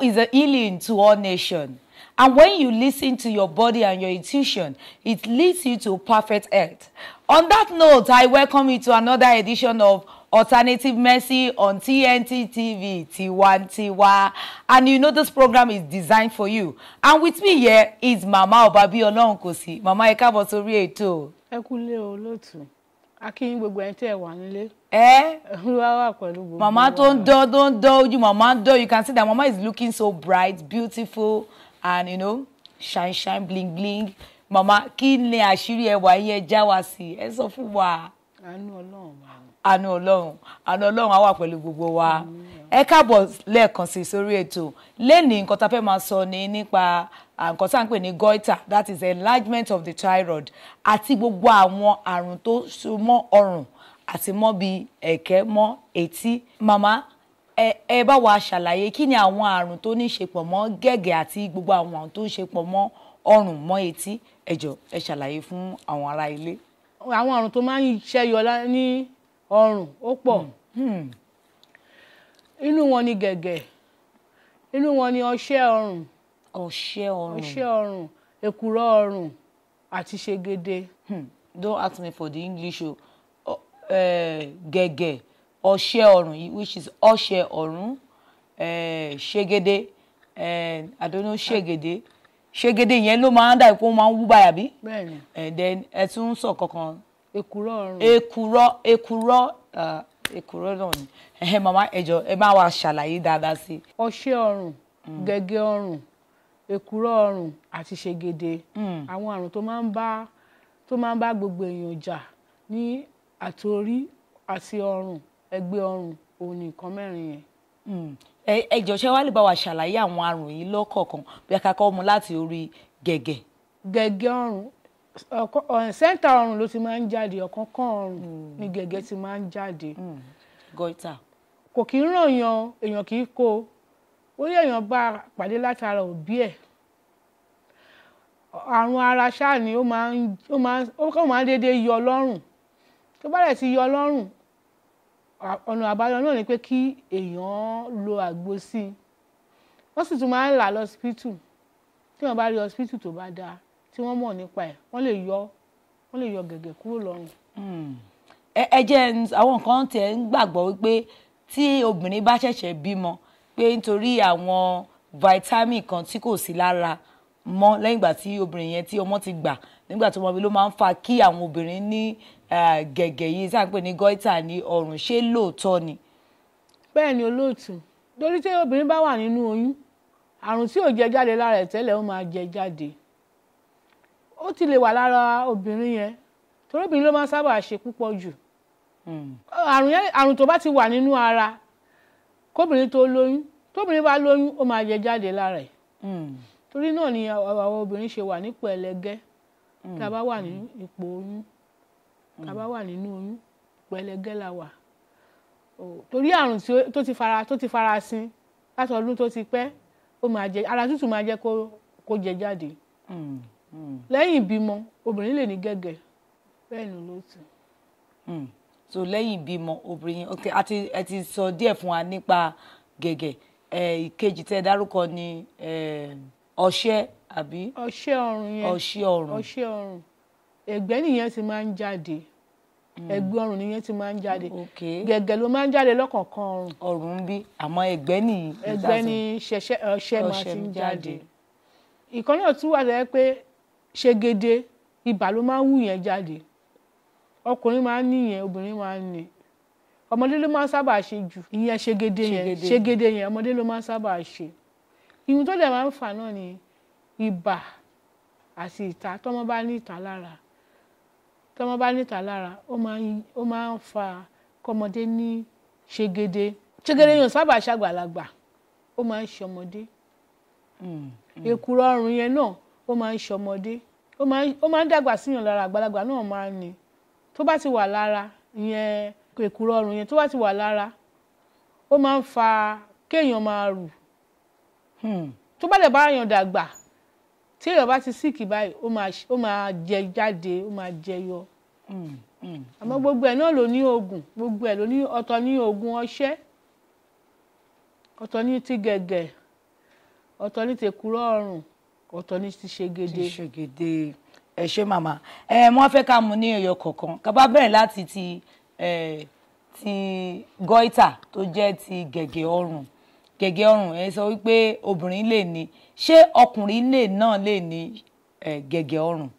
Islam is a healing to all nations. And when you listen to your body and your intuition, it leads you to perfect health. On that note, I welcome you to another edition of Alternative Mercy on TNT TV, Tiwantiwa. And you know this program is designed for you. And with me here is Mama Obabi Olonkosi. Mama, ẹ káàbọ̀ sórí ètò. Ẹ kúlé o lótú. Akíyín gbogbo ẹni tẹ́ ẹ wà nílé. Eh? mama tó ń dán tó ń dán ojú mama ń dán you can see that mama is looking so bright beautiful and you know shine shine bling bling mama kí ni àṣírí ẹwà yẹn já wa sí ẹ sọ fún wa. àánú ọlọ́run wa. àánú ọlọ́run àánú ọlọ́run á wà pẹ̀lú gbogbo wa ẹ káàbọ̀ lẹ́ẹ̀kan sí sórí ètò lẹ́nìí nǹkan tá a fẹ́ máa sọ ni nípa nǹkan tá à ń pè ní goiter that is enlargement of the thyroid àti gbogbo àwọn àrùn tó so mọ́ ọrùn àti mọ́ bíi ẹ̀kẹ́ mọ́ etí màmá ẹ bá wa ṣàlàyé kí ni àwọn àrùn tó ní ṣe pọ̀ mọ́ gẹ̀gẹ̀ àti gbogbo àwọn àrùn tó ń ṣe pọ̀ mọ́ ọrùn mọ́ etí ẹ ẹ ṣàlàyé fún àwọn ará ilé. àwọn àrùn tó máa ń ṣẹyọ ní ọrùn ó pọ̀ hmm, hmm. inú wọn ni gẹ̀gẹ̀ inú wọn ni ọṣẹ ọrùn ọṣẹ ọrùn ọṣẹ ọrùn àti ṣègede. Hmm, don't ask me for the English o. Oh Eh, gẹ̀gẹ̀ ọṣẹ ọrùn yìí which is ọṣẹ ọrùn eh, ṣégede eh, I don't know ṣégede ṣégede yẹn ló máa ń dà kó máa ń wú báyà bí and then ẹ tún ń sọ kankan. èkùrọ́ ọrùn èkùrọ́ èkùrọ́ èkùrọ́ náà ni ẹ màmá ẹjọ ẹ máa wá ṣàlàyé dáadáa sí i. ọṣẹ ọrùn mm. gẹ̀gẹ̀ ọrùn èkùrọ́ ọrùn àti ṣégede mm. àwọn àrùn tó máa ń bá gbogbo èèyàn jà ní àti orí àti ọrùn ẹgbẹ́ ọrùn òun ni nǹkan mẹ́rin yẹn. Hmm. ẹ jọ̀ọ́ ṣé wàá lè bá wa ṣàlàyé àwọn àrùn yìí lọ́kọ̀ọ̀kan bí akẹ́kọ̀ọ́ mu láti orí gẹ̀gẹ̀. gẹ̀gẹ̀ ọrùn sẹ́ńtà ọrùn ló ti máa ń jáde ọ̀kánkán ọrùn hmm. ni gẹ̀gẹ̀ ti máa ń jáde. Hmm. goita. kò kí ń ròyàn èèyàn kì í kó ó yẹ èèyàn bá pàdé látara òbí ẹ̀ àrùn ara ṣáà ni ó máa ń déédéé yọ lọ́rùn tó bá rẹ̀ ti yọ lọ́rùn ọ̀nà àbáyọ náà ni pé kí èèyàn lo àgbo sí i wọ́n sì tún máa ń là lọ́sibítù tí wọ́n bá rí ọsibítù tó bá dáa tí wọ́n mọ̀ nípa ẹ̀ wọ́n lè yọ wọ́n lè yọ gẹ̀gẹ̀ kúrò lọ́rùn. Hmm. ẹ jẹ́ àwọn kan tẹ̀ ń gbàgbọ́ wípé tí obìnrin bá ṣẹ̀ṣẹ̀ bímọ pé nítorí àwọn vitamin kan tí kò sí lára mọ́ lẹ́yìn ìgbà tí obìnrin yẹn tí ọmọ ti gbà nígbà tó mọ mi ló máa ń fa kí àwọn obìnrin ní Eh, gẹ̀gẹ̀ yìí tá à ń pè ní goita ní ọrùn ṣé lóòótọ́ ni. bẹ́ẹ̀ ni olóòtú torí tí obìnrin bá wà nínú oyún àrùn tí ò jẹ jáde lára ẹ̀ tẹ́lẹ̀ ó máa jẹ jáde ó ti lè wà lára obìnrin yẹn torí obìnrin ló máa sábà ṣe púpọ̀ jù hmm. àrùn tó bá ti wà nínú ara kóbìnrin tó lóyún tóbìnrin bá lóyún ó máa jẹ jáde lára ẹ̀ hmm. torí náà ni àwọn obìnrin ṣe wà nípò ẹlẹgẹ́ tá a bá wà ní ipò oyún Mm. tá a bá wà nínú oyún pẹ̀lẹ́gẹ́ la wà torí àrùn tó ti fara tó ti fara sin láti ọdún tó ti pẹ́ ó máa jẹ ara tútù máa jẹ kó kó jẹ jáde mm, mm. lẹ́yìn ìbímọ obìnrin lè ní gẹ́gẹ́ bẹ́ẹ̀ ni ló ti. so lẹ́yìn ìbímọ obìnrin ok àti ẹ ti sọ díẹ̀ fún wa nípa gẹ̀gẹ̀ ìkejì tẹ́ dárúkọ ni ọṣẹ àbí. ọṣẹ ọrùn yẹn ọṣẹ ọrùn ọṣẹ ọrùn ẹ̀gbẹ́ nìyẹn ti máa ń jáde. Mm. ẹ̀gbẹ́ ọrùn nìyẹn ti máa ń jáde gẹ̀gẹ̀ ló máa ń jáde lọ́kọ̀ọ̀kan ọrùn. ọrùn bí àmọ́ ẹ̀gbẹ́ ni ẹ̀gbẹ́ ni ṣẹṣẹ ọṣẹ máa ti ń jáde. ìkan náà tún wà lẹ́yìn pé ṣègede ibà ló máa ń wù yẹn jáde ọkùnrin máa ń níyẹn obìnrin máa ń ní ọmọdé ló máa ń sábà ṣe jù ìyẹn ṣègede yẹn ṣègede yẹn ọmọdé ló máa ń sábà ṣe ìhun tó dẹ̀ máa ń fà náà ni ibà àti ìta tọ́mọ bá ní ìta lára tọ́mọ bá níta lára ó máa ń fa kọ́mọdé ní ṣegede ṣegede yóò sábà ṣàgbàlagbà ó máa ń ṣọmọdé hmm, hmm. èkùrọ̀ ọrùn yẹn náà ó máa ń ṣọmọdé ó máa ń dàgbà síyàn lára àgbàlagbà náà máa ń ní tó bá ti wà lára ìyẹn èkùrọ̀ ọrùn yẹn tó bá ti wà lára ó máa ń fa kéèyàn máa rù hmm. tó bá dẹ̀ bá yàn dàgbà tí èèyàn bá ti síkì báyìí ó máa jẹ jáde ó máa jẹyọ mm, mm, àmọ́ mm. gbogbo ẹ̀ náà ló ní oògùn gbogbo ẹ̀ ló ní ọ̀tọ̀ ní oògùn ọṣẹ ọ̀tọ̀ ní ti gẹ̀gẹ̀ ọ̀tọ̀ ní tèkúrọ̀ ọrùn ọ̀tọ̀ ní ti ṣègede. ti ṣègede ẹ ṣe màmá ẹ wọn fẹ́ ká mú ní ẹyọ kọ̀ọ̀kan ká bá láti ti ti gọ́ìtà tó jẹ́ ti gẹ̀gẹ̀ ọrùn gẹ̀gẹ́ ọrùn ẹ sọ wípé obìnrin lè ní ṣé ọkùnrin lè náà lè ní gẹ̀gẹ́ ọrùn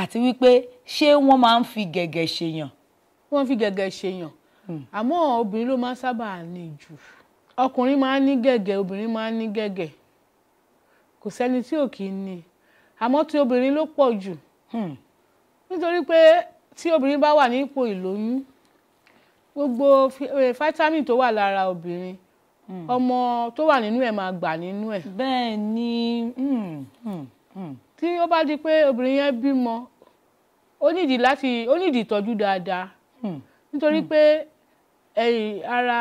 àti wípé ṣé wọ́n máa ń fi gẹ̀gẹ́ ṣèyàn. wọ́n fi gẹ̀gẹ́ ṣèyàn hmm. àmọ́ obìnrin ló máa ń sábà ní jù ọkùnrin máa ń ní gẹ̀gẹ́ obìnrin máa ń ní gẹ̀gẹ́ kò sẹ́ni tí ò kì í ní àmọ́ tí obìnrin ló pọ̀ jù hmm. nítorí pé tí obìnrin bá wà ní ipò ìlóyún gbogbo eh, fáítámì tó wà lára obìnrin Mm. ọmọ tó wà nínú ẹ̀ máa gbà nínú ẹ̀. bẹ́ẹ̀ ni mm, mm, tí ó bá di pé obìnrin yẹn bímọ ó nídìí láti ó nídìí ìtọ́jú dáadáa nítorí pé ara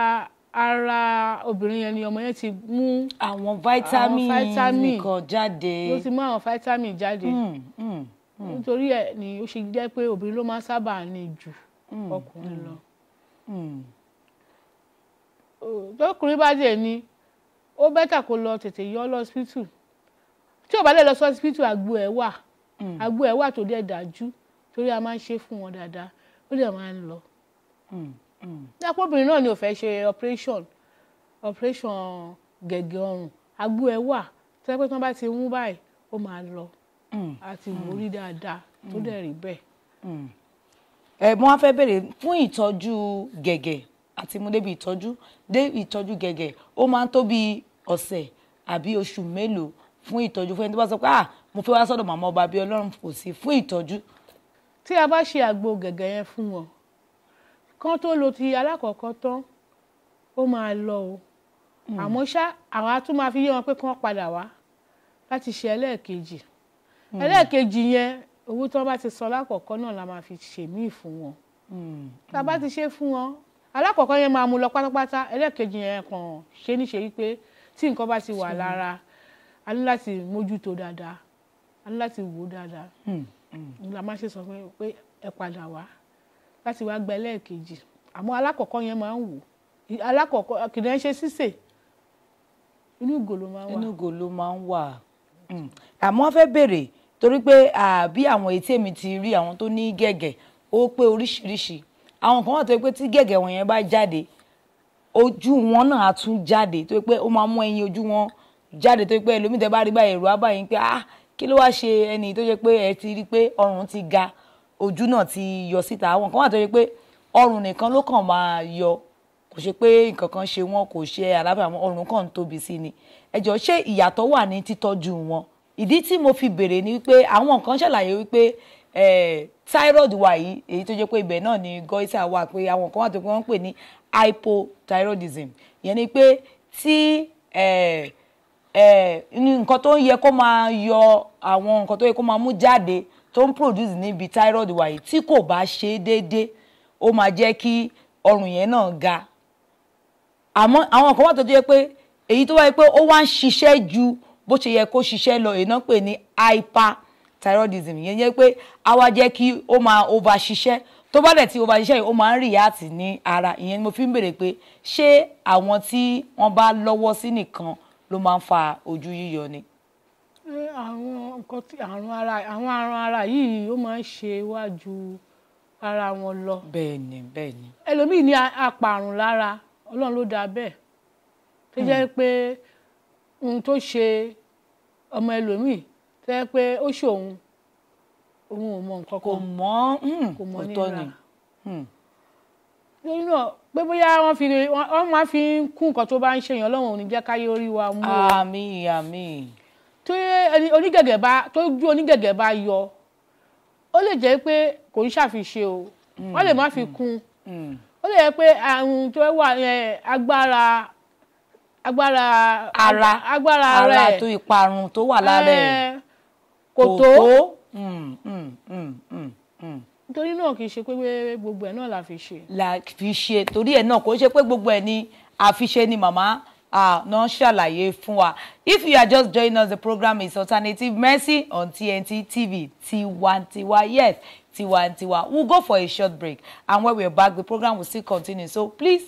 ara obìnrin yẹn ni ọmọ yẹn ti mú àwọn vitamin nìkan jáde ló ti mú àwọn vitamin jáde nítorí ẹ̀ ni ó ṣe jẹ́ pé obìnrin ló máa ń sábà ní ju ọkùnrin lọ lọ́kùnrin bá dẹ̀ ni ó bẹ́tà kó lọ tètè yọ lọ́sípítù tí ò bá lè lọ sọ́sípítù àgbo ẹ̀ wà hmm. àgbo ẹ̀ wà tó dẹ̀ dájú torí a máa ń ṣe fún wọn dáadáa ó dẹ̀ máa ń lọ. lápòbìnrin hmm, hmm. náà ni ò fẹ́ ṣe operation operation gẹ̀gẹ̀ ọrùn àgbo ẹ̀ wà tẹ́pẹ́ tí wọ́n bá ti mú báyìí ó máa lọ àti mórí dáadáa tó dẹ̀ rí bẹ́ẹ̀. ẹ̀ mo wá fẹ́ béèrè fún ìtọ́jú gẹ̀gẹ̀ àti mú débi ìtọ́jú débi ìtọ́jú gẹ̀gẹ̀ ó máa ń tó bí ọ̀sẹ̀ àbí oṣù mélòó fún ìtọ́jú fún ẹni tó bá sọ pé ah mo fẹ́ wá sọ́dọ̀ màmá ọba bí ọlọ́run kò sí fún ìtọ́jú. tí a bá ṣe àgbo gẹ̀gẹ̀ yẹn fún wọn kán tó lo ti alákọ̀ọ́kọ́ tán ó máa lọ o hmm. àmọ́ ṣá àwọn á tún máa fi yé wọn pé kán padà wá láti ṣe ẹlẹ́ẹ̀kejì hmm. ẹlẹ́ẹ̀kejì yẹn owó tí wọ́n bá ti sọ lákọ̀ọ́kọ́ náà la máa fi ṣèmí fún wọn hmm. tá a bá ti ṣe fún wọn alákọ̀ọ́kọ́ yẹn máa mú lọ pátápátá ẹlẹ́ẹ̀kejì yẹn kàn ṣe níṣe wípé tí nǹkan bá ti wà lára a ní láti mójútó dáadáa a ní láti wò ó dáadáa hmm, hmm. la máa ṣe sọ fún yín pé ẹ padà wá láti wá gba ẹlẹ́ẹ̀kejì àmọ́ alákọ̀ọ́kọ́ yẹn máa ń wò alákọ̀ọ́kọ́ kìdẹ́ ń ṣe sísè inú ìgò máa ń wà. inú ìgò máa ń wà hmm. àmọ́ fẹ́ bèrè torí pé àbí àwọn ètí èmi ti rí àwọn tó ní gẹ̀gẹ̀ ó pé oríṣiríṣi àwọn kan wà tó yẹ pé tí gẹ̀gẹ̀ wọn yẹn bá jáde ojú wọn náà á tún jáde tó yẹ pé ó máa mú ẹyin ojú wọn jáde tó yẹ pé ẹlòmíì bá rí báyìí èrò abáyín pé ah kí ló wá ṣe ẹni tó yẹ pé ẹ ti rí pé ọrùn ti ga ojú náà ti yọ síta àwọn kan wà tó yẹ pé ọrùn nìkan ló kàn máa yọ kò ṣe pé nǹkan kan ṣe wọn kò ṣe àlábà wọn ọrùn kan ń tóbi sí ni ẹ jọ ṣé ìyàtọ̀ wà ní títọ́jú wọn ìdí tí mo fi béèrè ni wípé àwọn kan ṣàlàyé wípé thyroid wa yìí èyí tó jẹ́ pé ibẹ̀ náà ni goiter wà pé àwọn kan wà tó pé ní hypothyroidism ìyẹn ni pé tí nǹkan tó yẹ kó máa yọ àwọn nǹkan tó yẹ kó máa mú jáde tó ń produce níbi thyroid wa yìí tí kò bá ṣe é déédéé ó máa jẹ́ kí ọrùn yẹn náà ga àmọ́ àwọn kan wà tó jẹ́ pé èyí tó wáyé pé ó wá ń ṣiṣẹ́ ju bó ṣe yẹ kó ṣiṣẹ́ lọ èyí náà pè ní hyper thyroidism yẹn yẹ pé a wá jẹ́ kí ó máa over ṣiṣẹ́ tó bá dẹ̀ ti over ṣiṣẹ́ yìí ó máa ń react ní ara ìyẹn ni mo fi ń béèrè pé ṣé àwọn tí wọ́n bá lọ́wọ́ sí nìkan ló máa ń fa ojú yíyọ ni. àwọn nǹkan tí àrùn ara àwọn àrùn ara yìí ó máa ń ṣe iwájú ara wọn lọ. bẹ́ẹ̀ni bẹ́ẹ̀ni. ẹlòmíì ní apààrùn lára Ọlọ́run ló dáa bẹ́ẹ̀ tó jẹ́ hmm. pé ohun tó ṣe ọmọ ẹlòmíì tó yẹ pé ó ṣòun òun ò mọ nǹkan kan kò mọ hmm, kò mọ nira torí náà pé bóyá wọ́n fi wọ́n máa fi ń kún nǹkan tó bá ń ṣèyàn Ọlọ́run ò ní jẹ́ káyé orí wa mú o àmín àmín tó yẹ onígẹ̀gẹ̀ bá tó ju onígẹ̀gẹ̀ bá yọ ó lè jẹ́ pé kò ń ṣàfiṣe o hmm. wọ́n lè má fi hmm. kún ó lè jẹ́ pé àrùn tó wà agbára agbára ara agbára ara tó ìparun tó wà lára ẹ kò tó mm, mm, mm, nítorí náà kì í ṣe pé gbogbo ẹ̀ náà la fi ṣe. la fi ṣe torí ẹ̀ náà kò ṣe pé gbogbo ẹ̀ ni àfiṣe ni màmá náà ṣàlàyé fún wa if you are just joining us the program is alternative mercy on TNT TV tiwantiwa yes tiwantiwa we'll go for a short break and when we're back the program will still continue so please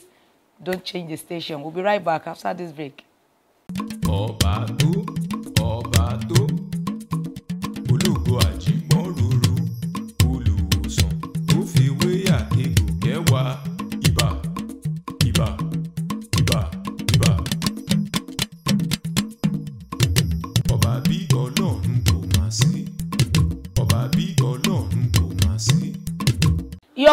don't change the station we'll be right back after this break. ọba tó.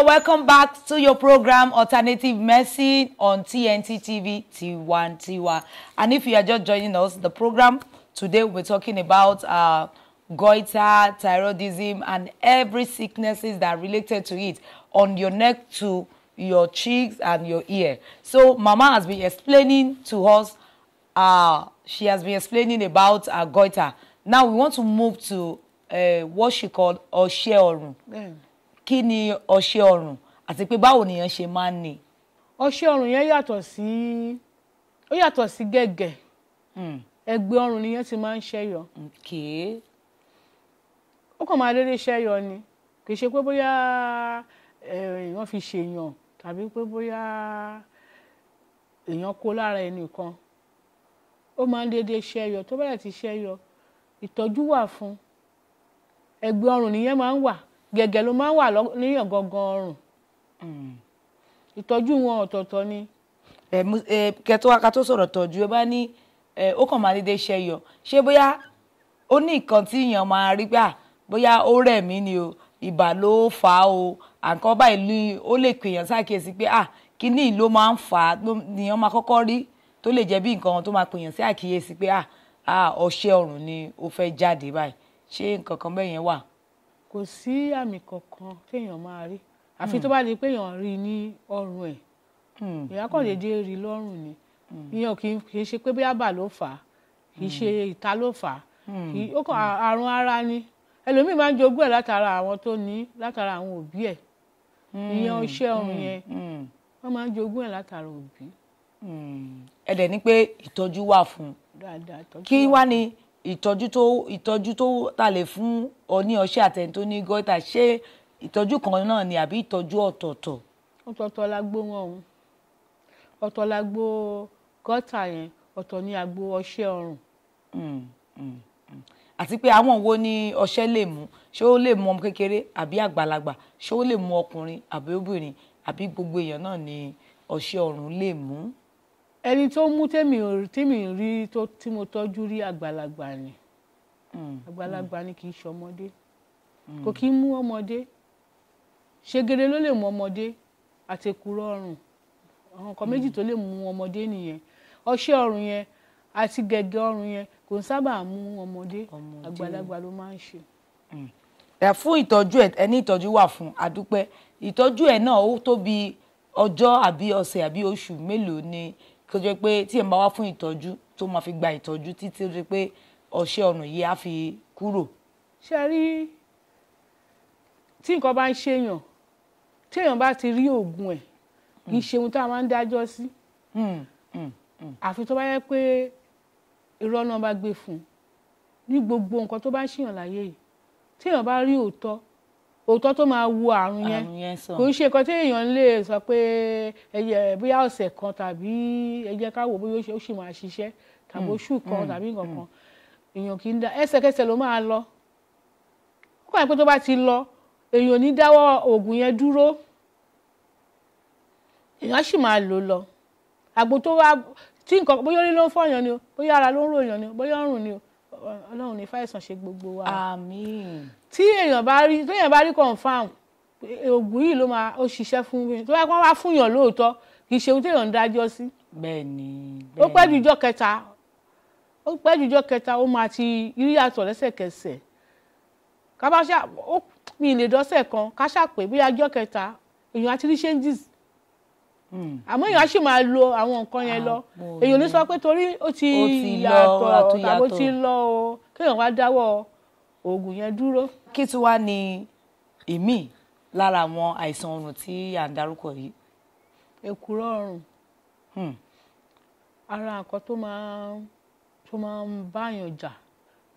welcome back to your program Alternative Medicine on TNT TV T1 T1. And if you are just joining us, the program today we're talking about uh, goiter, thyroidism, and every sicknesses that are related to it on your neck to your cheeks and your ear. So Mama has been explaining to us. Uh, she has been explaining about uh, goiter. Now we want to move to uh, what she called osheorun. Mm kí ni ọṣẹ ọrùn àti pé báwo nìyẹn ṣe máa ń ni. ọṣẹ ọrùn yẹn yàtọ̀ sí ó yàtọ̀ sí gẹ̀gẹ̀ hmm. ẹgbẹ́ ọrùn nìyẹn ti máa ń ṣẹ́yọ. ó kàn máa dédé ṣẹ́yọ ni kì í ṣe pé bóyá èèyàn eh, fi ṣèyàn tàbí pé bóyá èèyàn kó lára ẹnìkan ó máa ń dédé ṣẹ́yọ tó bá yẹ ti ṣẹ́yọ ìtọ́jú wà fún ẹgbẹ́ ọrùn nìyẹn máa ń wà gẹ̀gẹ̀ ló máa ń wà ní ọ̀gángan ọrùn hmm. ìtọ́jú wọn ọ̀tọ̀ọ̀tọ̀ ni. kẹtọ aka tó sọ̀rọ̀ tọ́jú ẹ bá ní ó kàn máa dédé ṣẹyọ ṣé bóyá ó ní nǹkan tí èèyàn máa rí gbà bóyá ó rẹ̀ mí ni o ibà ló fà á o àǹkan báyìí ó lè pèèyàn ṣàkíyèsí pé ah kíní ló máa ń fà á nìyẹn máa kọ́kọ́ rí tó lè jẹ́ bí nǹkan tó máa pèèyàn sí àkíyèsí pé ah ọṣẹ ọrùn ni ó fẹ́ jáde báyìí ṣé nǹkan kan bẹ́ẹ̀ yẹn wà kò sí àmì kankan téèyàn máa rí àfi hmm. tó bá di pé èèyàn rí ní ọrùn ẹ̀ hmm. èèyàn kàn déédéé hmm. rí lọ́rùn ni ìyẹn kì í ṣe pé bíábà ló fà á kì í ṣe ìta ló fà á kì í ó kàn àrùn ara ni ẹlòmíì máa ń jogún ẹ̀ látara àwọn tó ní látara àwọn òbí ẹ̀ ìyẹn iṣẹ́ ọrùn yẹn wọ́n máa ń jogún ẹ̀ látara òbí. ẹ dẹ̀ ní pé ìtọ́jú wà fún un kí wá ni ìtọ́jú tó ìtọ́jú tó ta lè fún ọ ní ọṣẹ àtẹni tó ní gọ́tà ṣé ìtọ́jú kan náà ni àbí ìtọ́jú ọ̀tọ̀ọ̀tọ̀. ọ̀tọ̀ọ̀tọ̀ la gbó wọn o ọ̀tọ̀ la gbó gọ́tà yẹn ọ̀tọ̀ ni àgbo ọṣẹ ọrùn. Mm, mm, mm. àti pé àwọn wo ni ọṣẹ lè mú ṣé ó lè mú ọmọ kékeré àbí àgbàlagbà ṣé ó lè mú ọkùnrin àbí obìnrin àbí gbogbo èèyàn náà ni ọṣẹ ọrùn lè mú. Mm ẹni tó mú tèmi rí tí mo tọ́jú rí àgbàlagbà ni hmm. àgbàlagbà ni kì í ṣọmọdé hmm. kò kí ń mú ọmọdé ṣègede ló lè mú ọmọdé àtẹkùrọ ọrùn àwọn nǹkan méjì hmm. tó lè mú ọmọdé nìyẹn ọṣẹ ọrùn yẹn àti gẹ̀gẹ̀ ọrùn yẹn kò ń sábà mú ọmọdé àgbàlagbà ló máa ń ṣe. fún ìtọ́jú ẹ ẹni ìtọ́jú wà fún adúpẹ́ ìtọ́jú ẹ náà ó tó ọjọ́ àbí ọ̀sẹ̀ àbí oṣù mélòó ni tó jẹ́ pé tí ẹ̀ ń bá wá fún ìtọ́jú tó máa fi gba ìtọ́jú títí tó jẹ́ pé ọṣẹ ọ̀nà yìí á fi kúrò. ṣe rí tí nǹkan bá ń ṣèyàn tí èèyàn bá ti rí oògùn ẹ̀ kì í ṣe ohun tá a máa ń dájọ́ sí hmm, hmm, hmm. àfi tó bá yẹ pé irọ́ náà bá gbé fún un ní gbogbo nǹkan tó bá ń ṣèyàn láyé yìí tí èèyàn bá rí òótọ́ òótọ́ tó máa wo àrùn yẹn kò ń ṣe nǹkan tí èèyàn lè sọ pé ẹyẹ bóyá ọ̀sẹ̀ kan tàbí ẹ jẹ́ ká wò bóyá ó ṣì máa ṣiṣẹ́ tàbí hmm. oṣù kan hmm. tàbí nǹkan hmm. kan èèyàn kì í da ẹsẹ̀kẹsẹ̀ ló máa lọ ó kàn pé tó bá ti lọ èèyàn ní dáwọ́ oògùn yẹn dúró èèyàn sì máa lò lọ àgbo tó wá tí nǹkan bóyá orí ló ń fọyàn ni o bóyá ara ló ń ròyàn ni o bóyá ọrùn ni o ọlọ́run ní fàìsàn ṣe gbogbo wa. àmín. tí èèyàn bá rí tí èèyàn bá rí confam oògùn yìí ló máa ó ṣiṣẹ́ fún mi tó bá kọ́ wá fún yàn lóòótọ́ kì í ṣe ohun téèyàn ń dájọ́ sí. bẹ́ẹ̀ni bẹ́ẹ̀ni. ó pẹ́ jùjọ́ kẹta ó pẹ́ jùjọ́ kẹta ó máa ti rí yàtọ̀ lẹ́sẹ̀kẹsẹ̀ kábàáṣà ó mi ì lè dọ́sẹ̀ kan káṣà pé bóyá ọjọ́ kẹta èèyàn àti rí changes àmọ́ èèyàn á sì máa lo àwọn nǹkan yẹn lọ èèyàn ní sọ pé torí ó ti yàtọ̀ tàbó ti lọ o kéèyàn wá dáwọ́ oògùn yẹn dúró. kí tí wàá ní ìmí lára àwọn àìsàn ọrùn tí à ń darúkọ yìí. èkùrọ́ ọrùn hmm. ara nǹkan tó máa tó máa ń báyàn jà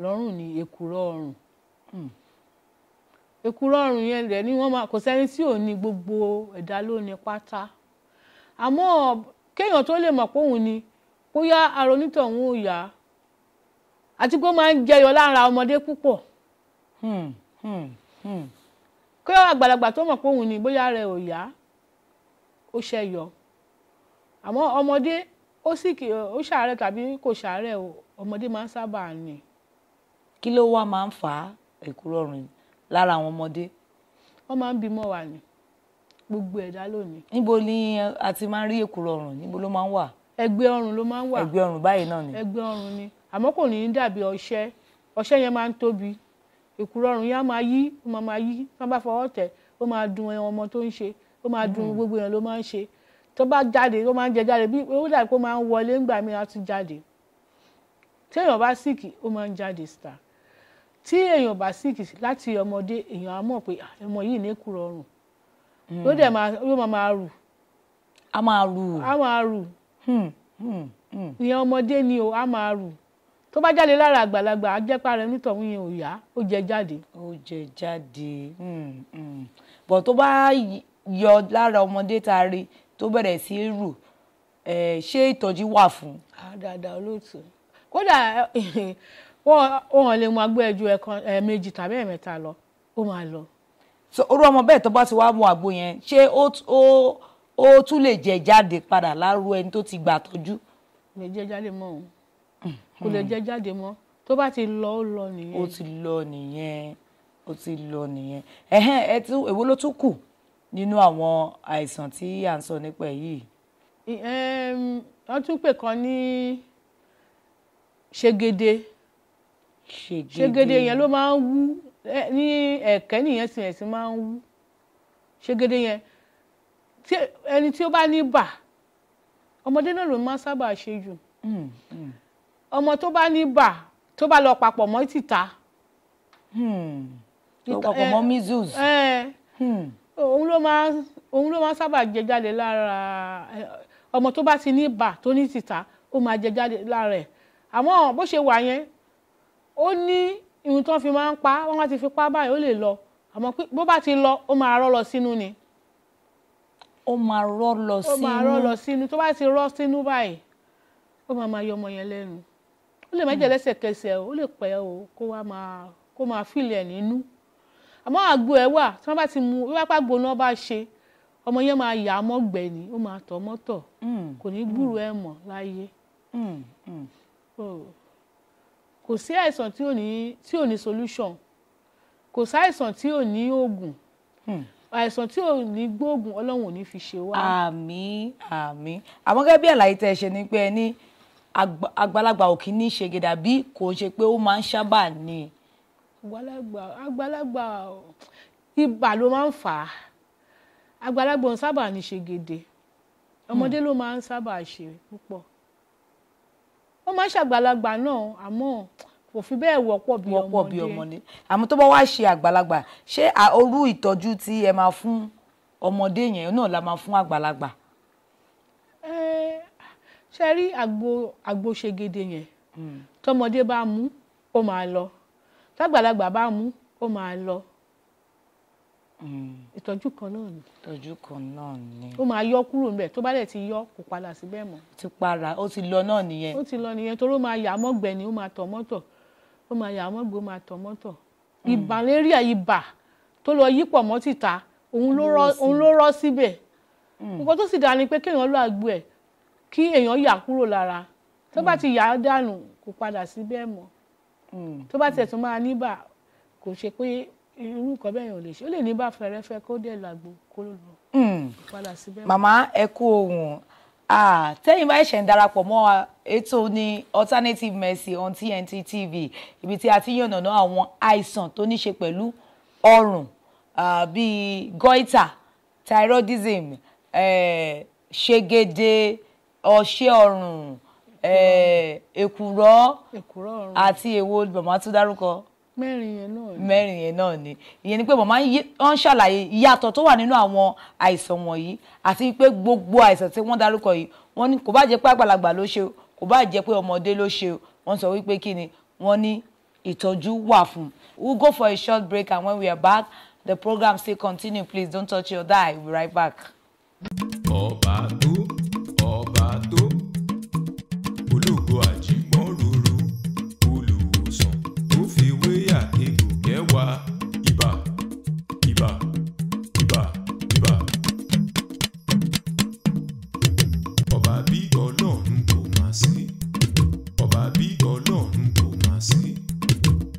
lọ́rùn ni èkùrọ́ ọrùn hmm. èkùrọ́ ọrùn yẹn rẹ̀ ni wọ́n máa kò sẹ́ni tí ò ní gbogbo ẹ̀dá ló ní pátá àmọ́ kéèyàn tó lè mọ̀ pé òun ni bóyá aronítọ̀ òun ò yá àti pé ó máa ń jẹyọ lára ọmọdé púpọ̀ hmm, hmm, hmm. kí àgbàlagbà tó mọ̀ pé òun ni bóyá rẹ̀ ò yá ó ṣẹyọ àmọ́ ọmọdé ó sì kì ó ṣàárẹ̀ tàbí kò ṣàárẹ̀ o ọmọdé máa ń sábà ní. kí ló wá máa ń fa ẹ̀kúrọ̀rùn lára àwọn ọmọdé. wọ́n máa ń bímọ wà ni gbogbo ẹ̀dá lónìí. níbo ni a ti máa ń rí èkùrọ́ ọrùn níbo ló máa ń wà. ẹ̀gbẹ́ ọrùn ló máa ń wà. ẹ̀gbẹ́ ọrùn báyìí náà ni. ẹ̀gbẹ́ ọrùn ni àmọ́ kò ní í dàbí ọṣẹ ọṣẹ yẹn máa ń tóbi èkùrọ́ ọrùn yẹn á máa yí ó máa máa yí tó bá fọwọ́ tẹ̀ ó máa dùn ẹran ọmọ tó ń ṣe ó máa dùn hmm. gbogbo yẹn ló máa ń ṣe tó bá jáde ó máa ń jẹ jáde bí ó dà pé máa ń wọlé ńgbà mi á tún jáde téèyàn bá síkì ó máa ń ló dẹ̀ máa ló máa máa rù. a máa rù. a máa rù. Hmm, hmm, hmm. ìyẹn ọmọdé ni o a máa rù tó bá jáde lára àgbàlagbà á jẹ́ pàrọ̀ nítorí yẹn ò yá ó jẹ jáde. ó jẹ jáde bọ̀ tó bá yọ lára ọmọdé tá a rí tó bẹ̀rẹ̀ sí í rù ṣé ìtọ́jú wà fún. dáadáa olóòtú kódà wọn ò lè mú agbó ẹjọ́ ẹ̀kan tàbí ẹ̀ẹ̀mẹ́ta lọ ó máa lọ orú ọmọ bẹ́ẹ̀ tó bá ti wá mu àgbo yẹn ṣé ó ó tún lè jẹ jáde padà lárú ẹni tó ti gbà tọ́jú. kò lè jẹ jáde mọ́ òun hmm. kò lè jẹ jáde mọ́ tó bá ti lọ ó lọ nìyẹn. ó ti lọ nìyẹn ó ti lọ nìyẹn ẹhẹn ẹ tún èwo ló tún kù nínú àwọn àìsàn tí à ń sọ nípa ẹ yìí. wọ́n tún pè kan ní ṣègede ṣègede yẹn ló máa ń wú ní ẹ̀kẹ́ nìyẹn ti ẹ̀sìn máa ń wú ṣégede yẹn tí ẹni tí ó bá ní bà ọmọdé náà ló máa sábà ṣe jù hmm, hmm. ọmọ tó bá ní bà tó bá lọ papọ̀ mọ́ tìta hmm. papọ̀ mọ́ measles òun ló máa òun ló máa sábà jẹ jáde lára ọmọ tó bá ti ní bà tó ní tìta ó máa jẹ jáde lára ẹ̀ àmọ́ bó ṣe wà yẹn ó ní irun tó fi máa ń pa wọ́n wá ti fi pa báyìí ó lè lọ àmọ́ bó bá ti lọ ó máa rọ́ lọ sínú ni. ó máa rọ́ lọ sínú ó máa rọ́ lọ sínú tó bá ti rọ́ sínú báyìí ó máa máa yọ ọmọ yẹn lẹ́nu ó lè má hmm. lẹ́sẹ̀kẹsẹ̀ ó lè pẹ́ o kó wá máa kó máa fìlẹ̀ nínú àmọ́ àgbo ẹ̀ wà tí wọ́n bá ti mu bí wọ́n bá gbóná bá ṣe ọmọ yẹn máa yà á mọ́gbẹ́ ni ó máa tọ̀ mọ́tọ̀ hmm. kò ní hmm. gbúrò ẹ̀ mọ́ láyé. Oh kò sí àìsàn tí ò ní tí ò ní solution kò sí àìsàn tí ò ní oògùn hmm. àìsàn tí ò ní gbóògùn ọlọ́run ò ní fi ṣe wá. àmín àmín àmọ́ gẹ́gẹ́ bí àlàyé tẹ́ ṣe ni pé ẹ ní àgbàlagbà ò kì í ní ṣe gèdà bí kò ṣe pé ó máa ń sábà ní. àgbàlagbà àgbàlagbà ibà ló máa ń fà á àgbàlagbà ò ń sábà ní ṣe gèdè ọmọdé hmm. ló máa ń sábà ṣe púpọ̀ wọ́n máa ń ṣàgbàlagbà náà àmọ́ kò fi bẹ́ẹ̀ wọ́pọ̀ bí ọmọdé wọ́pọ̀ bí ọmọdé àmọ́ tó bá wá ṣe àgbàlagbà ṣé orú ìtọ́jú tí ẹ máa fún ọmọdé yẹn náà la máa fún àgbàlagbà. ẹ ṣe rí àgbo àgbo ṣègede yẹn hmm. tọmọdé bá mú ó máa lọ tágbàlagbà bá mú ó máa lọ Hmm. ìtọ́jú kan náà ni. ìtọ́jú kan náà ni. ó máa yọ kúrò níbẹ̀ tó bá dẹ̀ ti yọ kò padà síbẹ̀ mọ́. ti para ó ti lọ náà nìyẹn. ó ti lọ nìyẹn torí ó máa yà mọ́gbẹ ni ó máa tọ̀ mọ́tọ̀ ó máa yà mọ́gbẹ ó máa tọ̀ mọ́tọ̀. Hmm. ibà léríà ibà tó lọ yípọ̀ mọ́ tìta òun ló rọ́ síbẹ̀. Hmm. nǹkan tó sì dáa ni pé kéèyàn lọ àgbo ẹ̀ kí èèyàn yà kúrò lára tó bá ti yà á dànù kò irú nǹkan bẹ́ẹ̀ yẹn ò lè ṣe ó lè ní bá fẹ̀rẹ̀ kó dẹ̀ làgbo kó ló lọ hmm. màmá ẹ kú ohun tẹ́yìn bá ṣẹ̀ ń darapọ̀ mọ́ ètò ní alternative Mercy, on TNT TV ibi tí a ti yànnàná àwọn àìsàn tó ní ṣe pẹ̀lú ọrùn bíi goiter thyroidism ṣègede ọṣẹ ọrùn èkùrọ́ àti èwo màmá tún dárúkọ mẹ́rin yẹn náà ni mẹ́rin yẹn náà ni ìyẹn ni pé màmá ń ṣàlàyé ìyàtọ̀ tó wà nínú àwọn àìsàn wọ̀nyí àti pé gbogbo àìsàn tí wọ́n dárúkọ yìí wọ́n ní kò bá jẹ́ pé àgbàlagbà ló ṣe o kò bá jẹ́ pé ọmọdé ló ṣe o wọ́n sọ wípé kí ni wọ́n ní ìtọ́jú wà fún we'll go for a short break and when we are back the program still continue please don't touch your dial we'll be right back. ọba tó